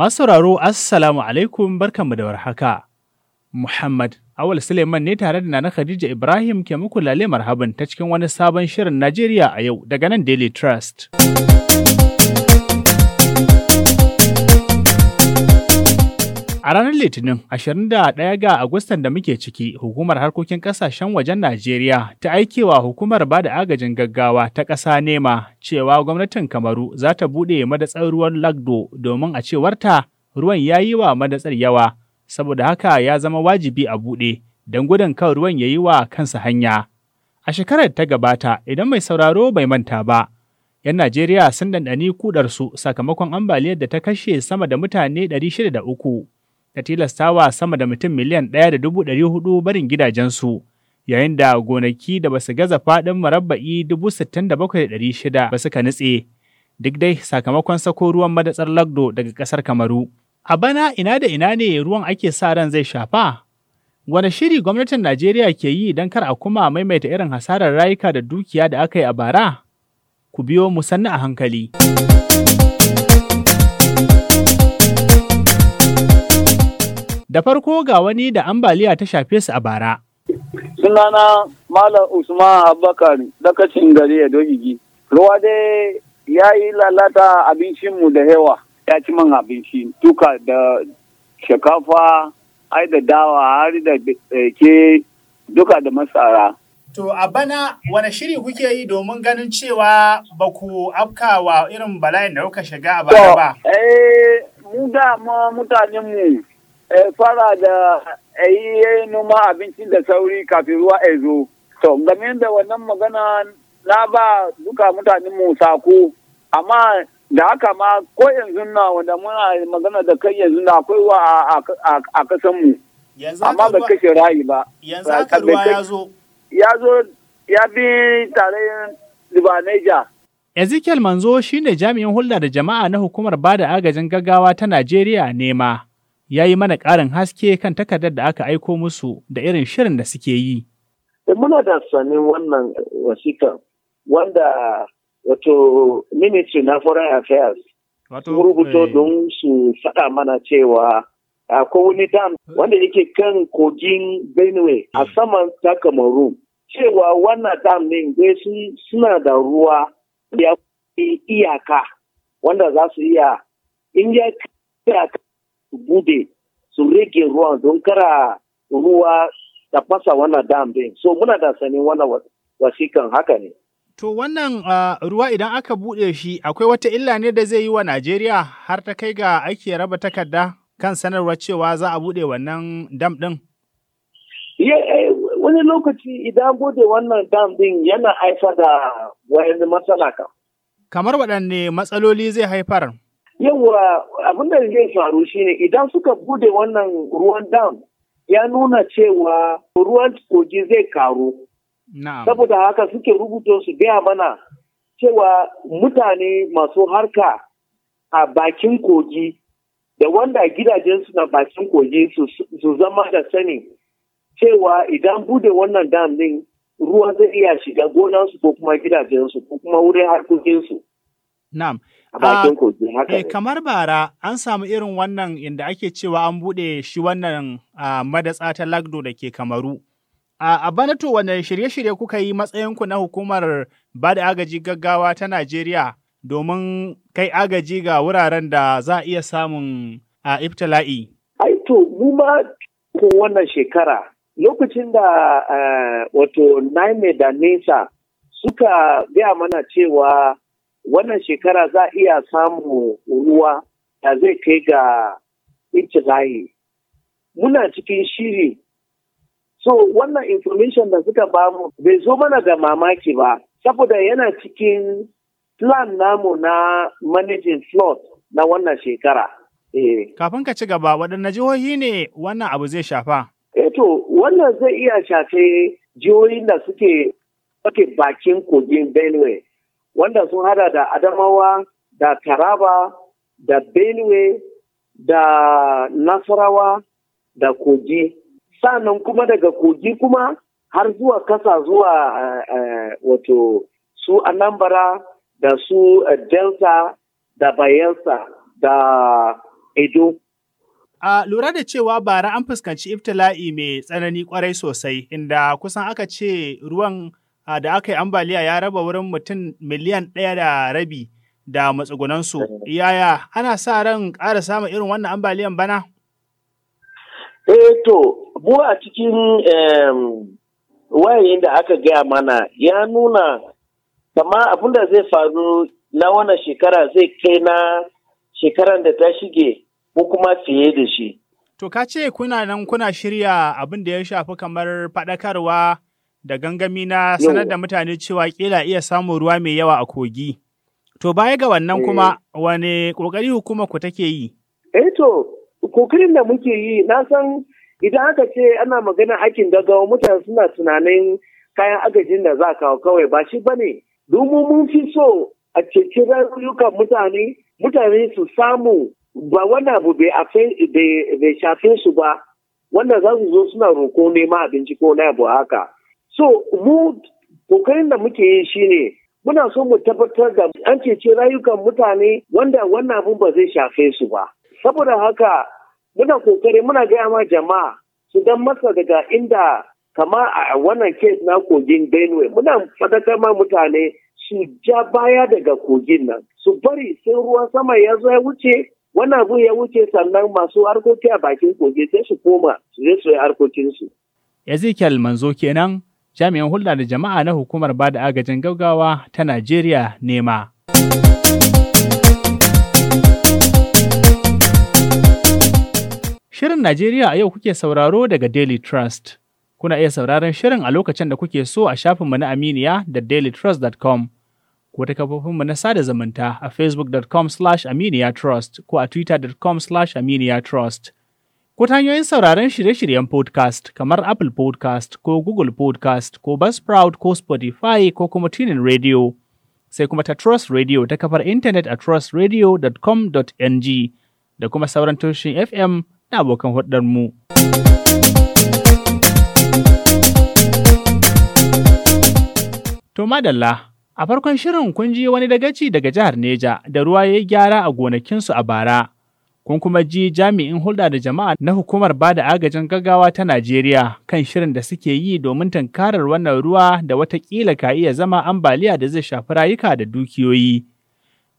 Masu sauraro, Assalamu alaikum barkanmu da warhaka. Muhammad Awal Suleiman ne tare da Nana Khadija Ibrahim ke muku lale habin ta cikin wani sabon shirin Najeriya a yau daga nan Daily Trust. A ranar Litinin 21 ga Agustan da muke ciki, Hukumar Harkokin ƙasashen Wajen Najeriya ta aikewa Hukumar ba da agajin gaggawa ta ƙasa nema cewa gwamnatin Kamaru za ta buɗe madatsar ruwan Lagdo domin a cewarta ruwan ya yi wa madatsar yawa, saboda haka ya zama wajibi a buɗe don gudun kan ruwan ya yi wa kansa hanya. A shekarar ta gabata, idan mai sauraro bai manta ba, 'yan Najeriya sun ɗanɗani kudarsu sakamakon ambaliyar da ta kashe sama da mutane 603. da tilastawa sama da mutum miliyan ɗaya da dubu ɗari hudu barin gidajensu. Yayin da gonaki da basu gaza faɗin marabba'i dubu sittin da bakwai ɗari shida ba suka nutse, duk dai sakamakon sako ruwan madatsar lagdo daga ƙasar Kamaru. A bana ina da ina ne ruwan ake sa ran zai shafa? Wane shiri gwamnatin Najeriya ke yi don kar a kuma maimaita irin hasarar rayuka da dukiya da aka yi a bara? Ku biyo mu sannu a hankali. Da farko ga wani da ambaliya ta shafe su a bara. Sunana Malam Usman Abubakar dakacin gari ya Dogigi. Ruwa dai ya yi lalata abincinmu da yawa. Ya ci man abinci tuka da shakafa, ai da dawa, har da eh, ke duka da masara. To a bana wane shiri kuke yi domin ganin cewa ba ku afkawa irin bala'in da kuka shiga a bana ba? Eh, mu da mutanenmu Eh, fara da eh, yi noma abincin da sauri kafin ruwa ya zo. To, game da wannan magana na ba duka mutanen mu sako, amma da haka ma ko yanzu na wanda muna magana da kai yanzu na akwai wa a kasan mu. Amma ba kashe rayu ba. Yanzu haka ruwa ya zo. Ya zo ya bi tare Libaneja. Ezekiel Manzo shine jami'in hulɗa da jama'a na hukumar bada agajin gaggawa ta Najeriya nema. ya yi mana ƙarin haske kan takardar da aka aiko musu da irin shirin da suke yi. Eh, muna da sanin wannan wasika wanda wato ministry na foreign affairs rubuto eh. don su faɗa mana cewa akwai wani dam wanda yake kan kogin benue a saman ta kamaru cewa wannan dam ne dai suna da ruwa ya iyaka wanda za su iya in ya iyaka su bude su rage ruwan don kara ruwa da fasa wannan dam din so muna da sanin wannan wasikan haka ne To wannan ruwa idan aka buɗe shi akwai wata illa ne da zai yi wa Najeriya har ta kai ga ake raba takarda kan sanarwar cewa za a buɗe wannan dam ɗin? Eh, wani lokaci idan buɗe wannan dam ɗin yana haifar da wani matsala kam. Kamar waɗanne matsaloli zai haifar? yawa abin da zai faru shine idan suka bude wannan ruwan dam ya nuna cewa ruwan kogi zai karu saboda haka suke rubuto su gaya mana cewa mutane masu harka a bakin kogi da wanda gidajensu na bakin kogi su zama da sani cewa idan bude wannan dam din ruwa zai iya shiga gonansu ko kuma gidajensu ko kuma wurin harkokinsu. Na'am. a bakin kogi haka. Eh, kamar bara an samu irin wannan inda ake cewa an buɗe shi wannan madatsa ta lagdo da ke kamaru. A bana to wane shirye-shirye kuka yi matsayinku na hukumar ba da agaji gaggawa ta Najeriya domin kai agaji ga wuraren da za a iya samun a iftila'i? Ai to, mu ma wannan shekara lokacin da eh, wato Naime da Nesa suka gaya mana cewa wannan shekara za a iya samun ruwa da zai kai ga inci ikilahi muna cikin shiri so wannan information da suka bamu bai zo mana da mamaki ba saboda yana cikin plan namu na managing flood na wannan shekara eh. kafin ka ci gaba waɗanne jihohi ne wannan abu zai shafa eto eh wannan zai iya shafe jihohin da suke bakin kogin benue wanda sun hada da Adamawa da Taraba da Benue da Nasarawa da Kogi. Sannan kuma daga Kogi kuma har zuwa kasa zuwa eh, eh, wato su Anambra da su eh, Delta da Bayelsa da Edo. A lura da cewa bara an fuskanci iftila'i mai tsanani kwarai sosai, inda kusan aka ce ruwan da aka yi ambaliya ya raba wurin mutum miliyan ɗaya da rabi da matsugunansu. Eh. Yaya ana sa ran ƙara samun irin wannan ambaliyan bana? Eh to, mu a cikin wayoyin da aka gaya mana ya nuna kama abin da zai faru na wannan shekara zai kai na shekaran da ta shige ko kuma fiye da shi. To ka ce kuna nan kuna shirya abin da ya shafi kamar faɗakarwa da gangami na sanar da mutane cewa kila iya samun ruwa mai yawa a kogi. To baya ga wannan eh. kuma wane ƙoƙari hukuma ku take yi? Eh to, kokarin da muke yi na san idan aka ce ana magana aikin gaggawa mutane suna tunanin kayan agajin da za kawo kawai ba shi ba ne, domin mun fi so a ceci rayukan mutane mutane su samu ba wani abu bai shafe su ba wanda za su zo suna roko nema abinci ko na abu haka So mu kokarin da muke yi shi ne, muna so mu tabbatar da an cece rayukan mutane wanda wannan abu ba zai shafe su ba. Saboda haka muna kokari muna gaya ma jama'a su dan masa daga inda kama a wannan kes na kogin Benue muna fadakar ma mutane su ja baya daga kogin nan su bari sai ruwan sama ya zo ya wuce wannan abu ya wuce sannan masu harkoki a bakin kogi sai su koma su je su yi harkokinsu. Ezekiel Manzo kenan Jami'an hulɗa da jama'a na hukumar bada agajin gaggawa ta Najeriya nema. Shirin Najeriya a yau kuke sauraro daga Daily Trust. Kuna iya sauraron shirin a lokacin da kuke so a shafinmu na Aminiya da dailytrust.com ko ta kafofinmu na sada zumunta a facebook.com/aminiya trust ko a twitter.com/aminiya trust. ko ta hanyoyin sauraron shirye-shiryen podcast kamar Apple podcast ko Google podcast ko Buzzsprout ko Spotify ko kuma Tunin Radio. Sai kuma ta Trust Radio ta kafar intanet a trustradio.com.ng da kuma sauran tushen FM na abokan mu. To madalla, a farkon shirin kun ji wani dagaci daga jihar Neja da ruwa ya yi gyara a gonakinsu a bara. kun kuma ji jami'in hulɗa da jama'a na hukumar ba da agajin gaggawa ta Najeriya kan shirin da suke yi domin tankarar wannan ruwa da watakila ka iya zama ambaliya da zai shafi rayuka da dukiyoyi.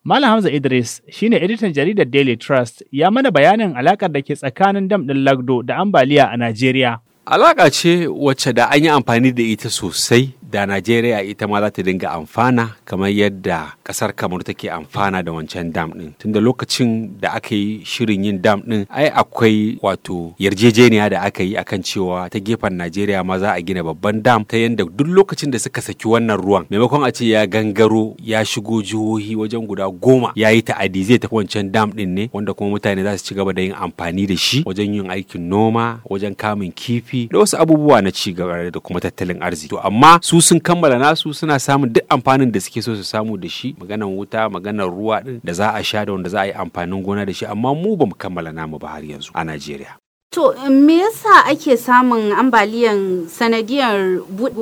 Malam Hamza Idris shine editan jaridar Daily Trust ya mana bayanin alakar da ke tsakanin dam ɗin Lagdo da ambaliya a Najeriya. Alaka ce wacce da an yi amfani da ita sosai da najeriya ita ma za ta dinga amfana kamar yadda kasar kamaru take amfana da wancan dam din tunda lokacin da aka yi shirin yin dam din ai akwai wato yarjejeniya da aka yi akan cewa ta gefen najeriya ma za a gina babban dam ta yadda duk lokacin da suka saki wannan ruwan maimakon a ce ya gangaro ya shigo jihohi wajen guda goma ya yi ta'adi zai tafi wancan dam din ne wanda kuma mutane za su ci gaba da yin amfani da shi wajen yin aikin noma wajen kamun kifi da wasu abubuwa na ci gaba da kuma tattalin arziki to amma su sun kammala nasu suna samun duk amfanin da suke so su samu da shi maganar wuta maganar ruwa din da za a sha da wanda za a yi amfanin gona da shi amma mu ba mu kammala namu ba har yanzu a Najeriya. To me yasa ake samun ambaliyan sanadiyar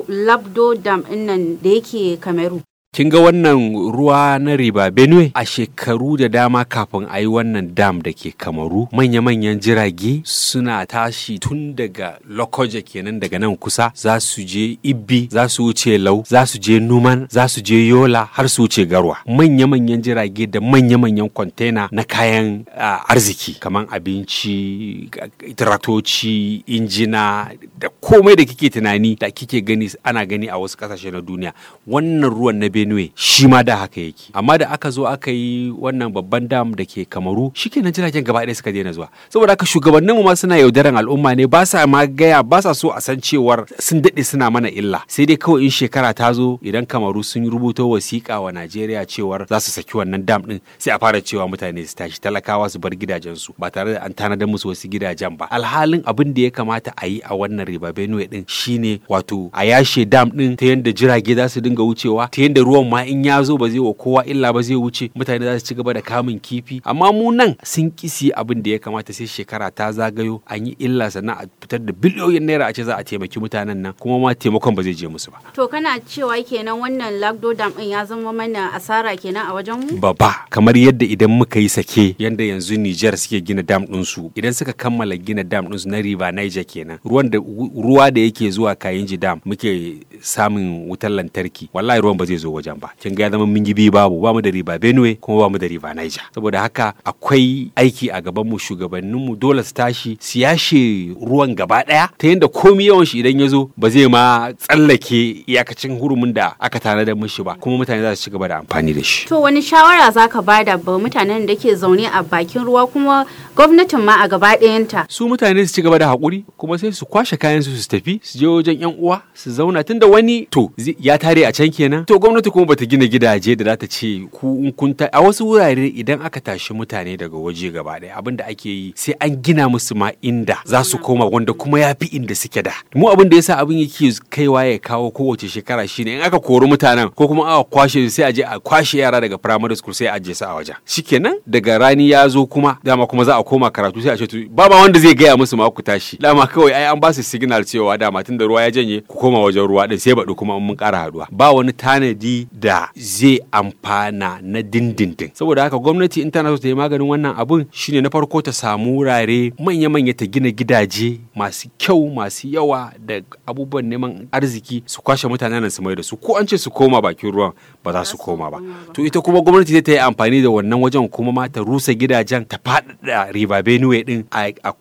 labdo dam nan da yake Kameru? kin ga wannan ruwa na riba benue a shekaru da dama kafin a yi wannan dam da ke kamaru manya-manyan jirage suna tashi tun daga lokoja kenan daga nan kusa za su je ibi za su wuce lau za su je numan za su je yola har su wuce garwa manya-manyan jirage da manya-manyan kwantena na kayan arziki kamar abinci traktoci injina da komai da kike tunani da kike gani ana gani a wasu kasashe na duniya wannan ruwan na benue shi ma da haka yake amma da aka zo aka yi wannan babban dam da ke kamaru shikenan jiragen gaba ɗaya suka daina zuwa saboda haka shugabannin mu ma suna yaudaran al'umma ne ba sa ma gaya ba sa so a san cewar sun daɗe suna mana illa sai dai kawai in shekara ta zo idan kamaru sun rubuto wasiƙa wa najeriya cewar za su saki wannan dam ɗin sai a fara cewa mutane su tashi talakawa su bar gidajensu ba tare da an tanadar musu wasu gidajen ba alhalin abin da ya kamata a yi a wannan riba benue din shine wato a yashe dam ɗin ta yadda jirage za su dinga wucewa ta yadda ruwan ma in ya zo ba zai wa kowa illa ba zai wuce mutane za su ci gaba da kamun kifi amma mu nan sun kisi abin da ya kamata sai shekara ta zagayo an yi illa sannan a fitar da biliyoyin naira a ce za a taimaki mutanen nan kuma ma taimakon ba zai je musu ba to kana cewa kenan wannan lagdo dam din ya zama mana asara kenan a wajen mu baba kamar yadda idan muka yi sake yadda yanzu Niger suke gina dam din su idan suka kammala gina dam din su na riba Niger kenan ruwan da ruwa da yake zuwa Kayinji dam muke samun wutar lantarki wallahi ruwan ba zai zo wajen ba kin ga ya zama mun yi biyu babu ba mu da riba Benue kuma ba mu da riba Niger saboda haka akwai aiki a gaban mu shugabannin mu dole su tashi su yashe ruwan gaba daya ta yanda komai yawan shi idan ya zo ba zai ma tsallake iyakacin hurumin da aka da mishi ba kuma mutane za su ci gaba da amfani da shi to wani shawara zaka bada ba mutanen da ke zaune a bakin ruwa kuma gwamnatin ma a gaba dayanta su mutane su ci gaba da hakuri kuma sai su kwashe kayan su su tafi su je wajen yan uwa su zauna tunda wani to ya tare a can kenan to gwamnati gwamnati kuma bata gina gidaje da zata ce ku in kun ta a wasu wurare idan aka tashi mutane daga waje gaba ɗaya abin da ake yi sai an gina musu ma inda za su koma wanda kuma ya fi inda suke da mu abin da yasa abin yake kaiwa ya kawo kowace shekara shine in aka kori mutanen ko kuma aka kwashe sai a je a kwashe yara daga primary school sai a je su a wajen shikenan daga rani ya zo kuma dama kuma za a koma karatu sai a ce ba ma wanda zai gaya musu ma ku tashi dama kawai ai an ba su signal cewa dama tun da ruwa ya janye ku koma wajen ruwa din sai baɗu kuma mun ƙara haɗuwa ba wani tanadi da zai amfana na dindindin saboda haka gwamnati in tana so ta yi maganin wannan abun shine na farko ta samu wurare manya-manya ta gina gidaje masu kyau masu yawa da abubuwan neman arziki su kwashe mutanen nan su mai da su ko an ce su koma bakin ruwan ba za su koma ba to ita kuma gwamnati zai ta yi amfani da wannan wajen kuma ma ta rusa gidajen ta faɗaɗa riba benue din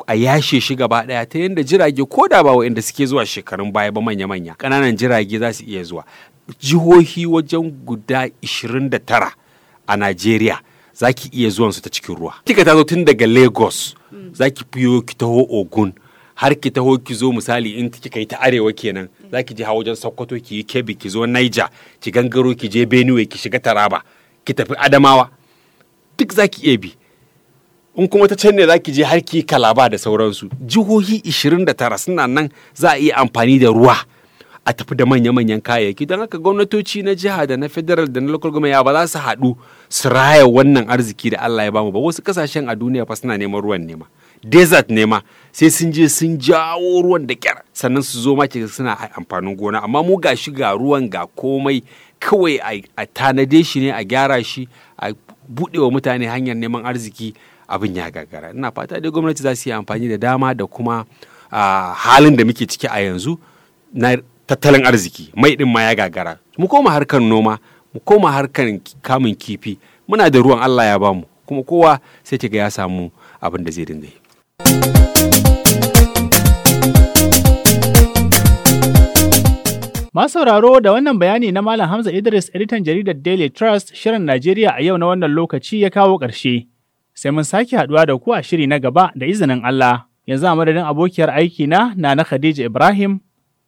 a yashe shi gaba ɗaya ta yanda jirage ko da ba wa'inda suke zuwa shekarun baya ba manya-manya kananan jirage za su iya zuwa jihohi wajen guda 29 a Najeriya zaki iya zuwan su ta cikin ruwa. Kika ta zo tun daga Lagos za ki fiyo ki taho Ogun har ki taho ki zo misali in kika yi ta arewa kenan za ki je ha wajen Sokoto ki yi Kebbi ki zo Niger ki gangaro ki je Benue ki shiga Taraba ki tafi Adamawa duk za iya bi. in kuma ta can ne za je har ki kalaba da sauransu jihohi 29 suna nan za a iya amfani da ruwa a tafi da manya-manyan kayayyaki don haka gwamnatoci na jiha da na federal da na local government ya ba za su haɗu su raya wannan arziki da Allah ya bamu ba wasu kasashen a duniya fa suna neman ruwan nema desert nema sai sun je sun jawo ruwan da kyar sannan su zo ma suna amfanin gona amma mu ga shi ga ruwan ga komai kawai a tanade shi ne a gyara shi a buɗe wa mutane hanyar neman arziki abin ya gagara ina fata dai gwamnati za su yi amfani da dama da kuma ah, halin da muke ciki a yanzu na tattalin arziki mai ɗin ma ya gagara mu koma harkar noma mu koma harkar kamun kifi muna da ruwan Allah ya bamu kuma kowa sai ga ya samu abin da zai dinga yi Masu da wannan bayani na Malam Hamza Idris editan jaridar Daily Trust shirin Najeriya a yau na wannan lokaci ya kawo ƙarshe. Sai mun sake haɗuwa da ku a shiri na gaba da izinin Allah. Yanzu a madadin abokiyar aiki na na Khadija Ibrahim